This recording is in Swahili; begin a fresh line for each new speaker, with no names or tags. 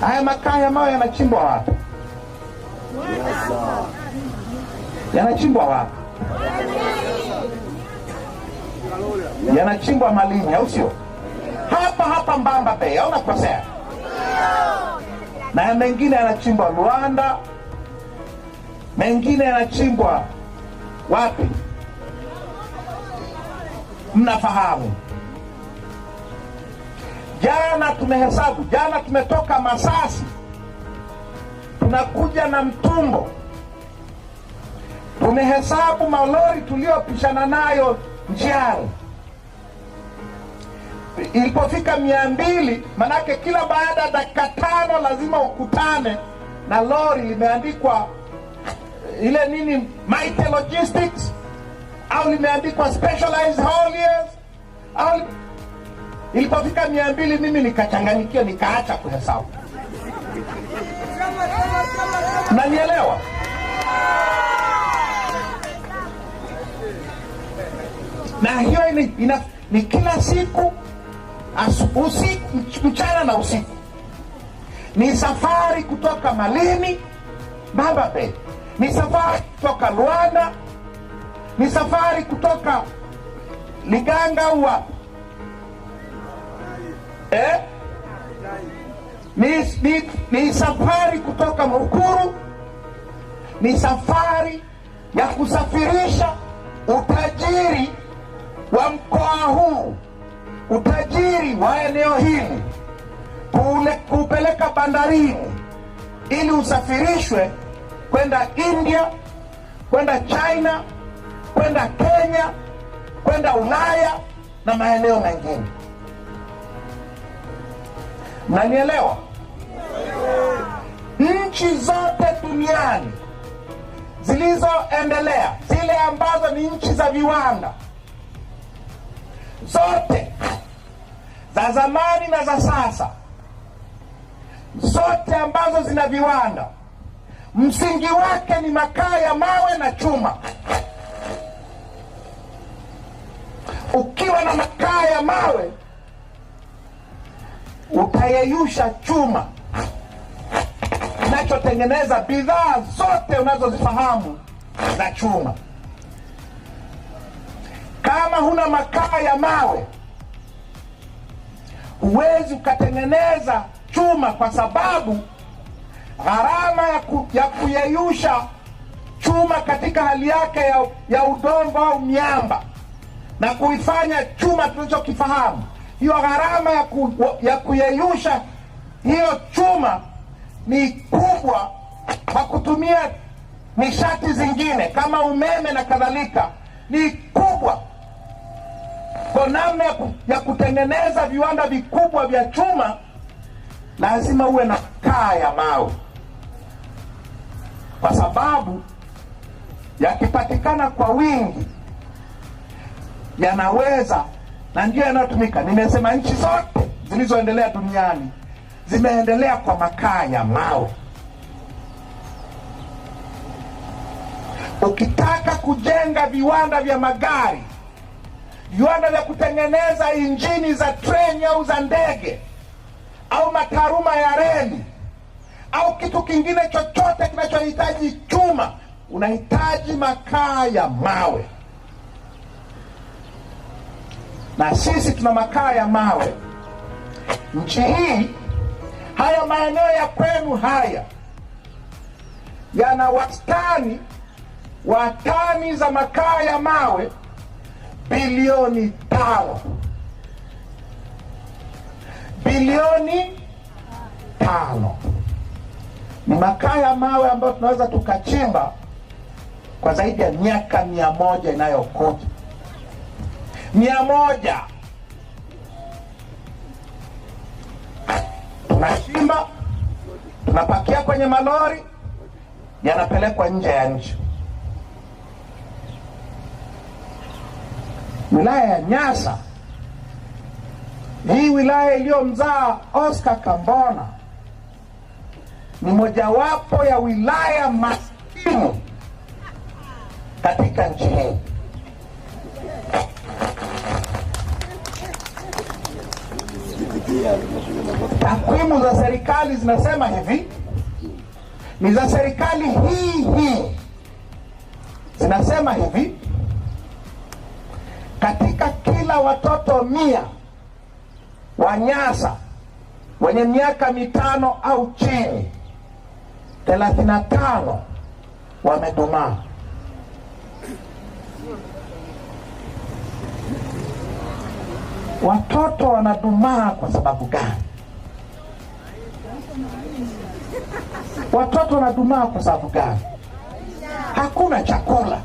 Haya makaa ya mawe yanachimbwa wapi? Yanachimbwa wapi? Yanachimbwa malini au sio? Hapa hapa Mbamba Bay, au nakosea? Na mengine yanachimbwa rwanda mengine yanachimbwa wapi? Mnafahamu. Jana tumehesabu, jana tumetoka Masasi, tunakuja na Mtumbo, tumehesabu malori tuliyopishana nayo njiani. Ilipofika mia mbili, manake kila baada ya dakika tano lazima ukutane na lori limeandikwa eh, ile nini, Maite Logistics au limeandikwa Specialized Hauliers au Ilipofika mia mbili mimi nikachanganyikia nikaacha kuhesabu. Nanielewa? Na hiyo ni, ina, ni kila siku asu, usiku, mchana na usiku, ni safari kutoka Malini Baba ni safari kutoka Luanda, ni safari kutoka Liganga uwa ni, ni, ni safari kutoka mukuru ni safari ya kusafirisha utajiri wa mkoa huu, utajiri wa eneo hili kupeleka bandarini ili usafirishwe kwenda India, kwenda China, kwenda Kenya, kwenda Ulaya na maeneo mengine. Mnanielewa? Nchi zote duniani zilizoendelea, zile ambazo ni nchi za viwanda, zote za zamani na za sasa, zote ambazo zina viwanda, msingi wake ni makaa ya mawe na chuma. Ukiwa na makaa ya mawe utayeyusha chuma kinachotengeneza bidhaa zote unazozifahamu za chuma. Kama huna makaa ya mawe, huwezi ukatengeneza chuma, kwa sababu gharama ya, ku, ya kuyeyusha chuma katika hali yake ya, ya udongo au miamba na kuifanya chuma tunachokifahamu hiyo gharama ya, ku, ya kuyeyusha hiyo chuma ni kubwa kwa kutumia nishati zingine kama umeme na kadhalika, ni kubwa kwa namna ya kutengeneza viwanda vikubwa vya chuma. Lazima uwe na kaa ya mawe, kwa sababu yakipatikana kwa wingi yanaweza na njia inayotumika. Nimesema nchi zote zilizoendelea duniani zimeendelea kwa makaa ya mawe. Ukitaka kujenga viwanda vya magari, viwanda vya kutengeneza injini za treni au za ndege au mataruma ya reli au kitu kingine chochote kinachohitaji chuma, unahitaji makaa ya mawe na sisi tuna makaa ya mawe nchi hii. Haya maeneo ya kwenu haya yana wastani wa tani za makaa ya mawe bilioni tano, bilioni tano. Ni makaa ya mawe ambayo tunaweza tukachimba kwa zaidi ya miaka mia moja inayokoja mia moja tunashimba tunapakia kwenye malori yanapelekwa nje ya nchi. Wilaya ya Nyasa, hii wilaya iliyomzaa Oscar Kambona, ni mojawapo ya wilaya maskimu katika nchi hii. Takwimu za serikali zinasema hivi, ni za serikali hii hii, zinasema hivi, katika kila watoto mia wa Nyasa wenye miaka mitano au chini, 35 wamedumaa. Watoto wanadumaa kwa sababu gani? Watoto wanadumaa kwa sababu gani? Hakuna chakula